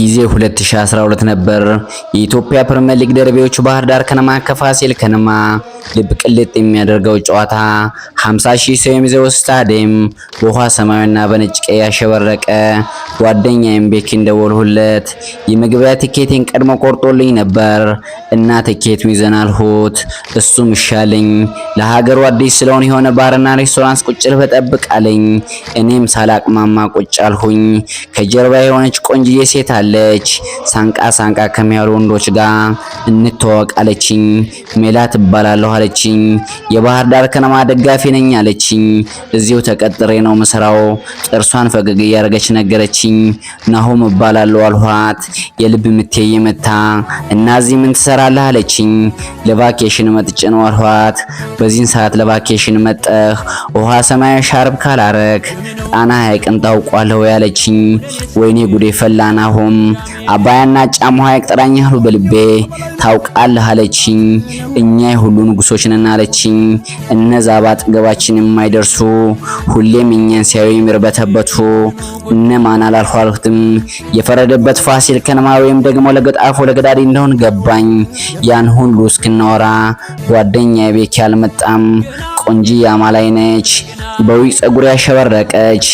ጊዜ 2012 ነበር። የኢትዮጵያ ፕሪሚየር ሊግ ደርቢዎች ባህር ዳር ከነማ ከፋሲል ከነማ ልብ ቅልጥ የሚያደርገው ጨዋታ 50 ሺህ ሰው የሚዘው ስታዲየም በውሃ ሰማያዊና በነጭ ቀይ ያሸበረቀ። ጓደኛ ኤምቤክ እንደወልሁለት የመግቢያ ቲኬቴን ቀድሞ ቆርጦልኝ ነበር እና ቲኬቱ ይዘናልሁት አልሁት። እሱም ይሻለኝ ለሀገሩ አዲስ ስለሆነ የሆነ ባርና ሬስቶራንት ቁጭ ልበል እኔም ሳላቅማማ ቁጭ አልሁኝ። ከጀርባ የሆነች ቆንጅዬ ሴት አለች። ሳንቃ ሳንቃ ከሚያሉ ወንዶች ጋር እንተዋወቅ አለችኝ። ሜላ ትባላለሁ አለችኝ። የባህር ዳር ከነማ ደጋፊ ነኝ አለችኝ። እዚሁ ተቀጥሬ ነው ምሰራው። ጥርሷን ፈገግ እያደረገች ነገረችኝ። ናሆም እባላለሁ አልኋት። የልብ ምቴ የመታ እና ምን ትሰራለህ አለችኝ። ለቫኬሽን መጥቼ ነው አልኋት። በዚህን ሰዓት ለቫኬሽን መጠህ ውሃ ሰማይ ሻርብ ካላረክ ጣና ሐይቅን ታውቋለሁ ያለችኝ ወይኔ ጉዴ ሆም አባያና ጫሙ ሐይቅ ጥራኝ በልቤ ታውቃለህ አለችኝ። እኛ የሁሉ ንጉሶችን ነን አለችኝ። እነዛ ባጠገባችን የማይደርሱ ሁሌም እኛን ሲያዩ የሚርበተበቱ እነማን አላልኋልሁትም። የፈረደበት ፋሲል ከነማ ወይም ደግሞ ለገጣፎ ለገዳዲ እንደሆን ገባኝ። ያን ሁሉ እስክናወራ ጓደኛ ቤኪ አልመጣም። ቆንጂ ያማላይ ነች። በዊ ጸጉር ያሸበረቀች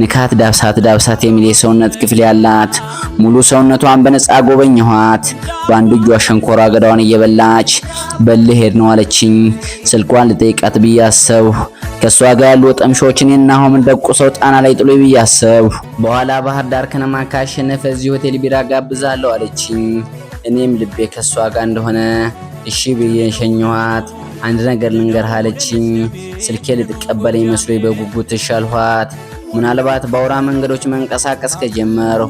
ንካት ዳብሳት ዳብሳት የሚል የሰውነት ክፍል ያላት ሙሉ ሰውነቷን በነጻ ጎበኘኋት። በአንድ እጇ ሸንኮራ አገዳዋን እየበላች በልህ ሄድ ነው አለችኝ። ስልኳን ልጠይቃት ብያሰብ ከእሷ ጋር ያሉ ጠምሾችን የናሆምን ሰው ጣና ላይ ጥሎ ብያሰብ በኋላ ባህር ዳር ከነማ ካሸነፈ እዚህ ሆቴል ቢራ ጋብዛለሁ አለችኝ። እኔም ልቤ ከእሷ ጋር እንደሆነ እሺ ብዬ ሸኘኋት። አንድ ነገር ልንገርህ አለችኝ። ስልኬ ልትቀበለኝ መስሎ በጉጉት ሻልኋት። ምናልባት በአውራ መንገዶች መንቀሳቀስ ከጀመር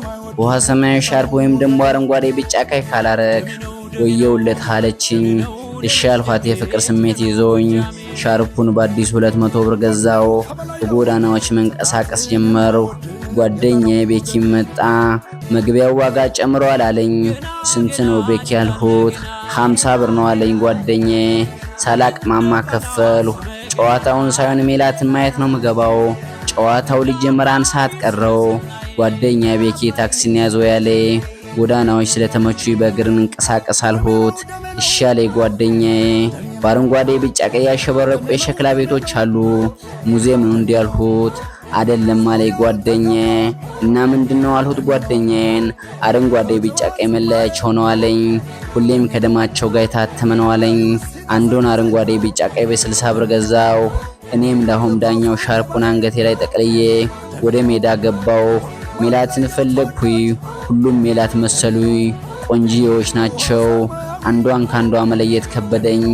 ውሃ፣ ሰማያዊ ሻርፕ ወይም ደግሞ አረንጓዴ፣ ቢጫ፣ ቀይ ካላረግ ወየውለት አለችኝ። እሻልኋት የፍቅር ስሜት ይዞኝ ሻርፑን በአዲስ ሁለት መቶ ብር ገዛው። በጎዳናዎች መንቀሳቀስ ጀመርሁ። ጓደኛዬ ቤኪ መጣ። መግቢያው ዋጋ ጨምረዋል አለኝ። ስንት ነው ቤክ ያልሁት? ሀምሳ ብር ነው አለኝ ጓደኛዬ። ሳላቅ ማማ ከፈሉ። ጨዋታውን ሳይሆን ሜላትን ማየት ነው ምገባው። ጨዋታው ሊጀምር አንድ ሰዓት ቀረው። ጓደኛ ቤኬ ታክሲን ያዘው ያለ ጎዳናዎች ስለተመቹ በእግርን እንቀሳቀስ አልሁት። እሻሌ ጓደኛዬ በአረንጓዴ ቢጫ ቀይ ያሸበረቁ የሸክላ ቤቶች አሉ። ሙዚየም ነው እንዲያልሁት አደለም አለኝ ጓደኛዬ። እና ምንድነው አልሁት ጓደኛዬን። አረንጓዴ ቢጫ ቀይ መለያች ሆነዋለኝ ሁሌም ከደማቸው ጋር የታተመነዋለኝ። አንዱን አረንጓዴ ቢጫ ቀይ በስልሳ ብር ገዛው። እኔም ለሆም ዳኛው ሻርፑን አንገቴ ላይ ጠቅልዬ ወደ ሜዳ ገባው ሜላትን ፈለግኩኝ። ሁሉም ሜላት መሰሉኝ። ቆንጂዎች ናቸው። አንዷን ካንዷ መለየት ከበደኝ።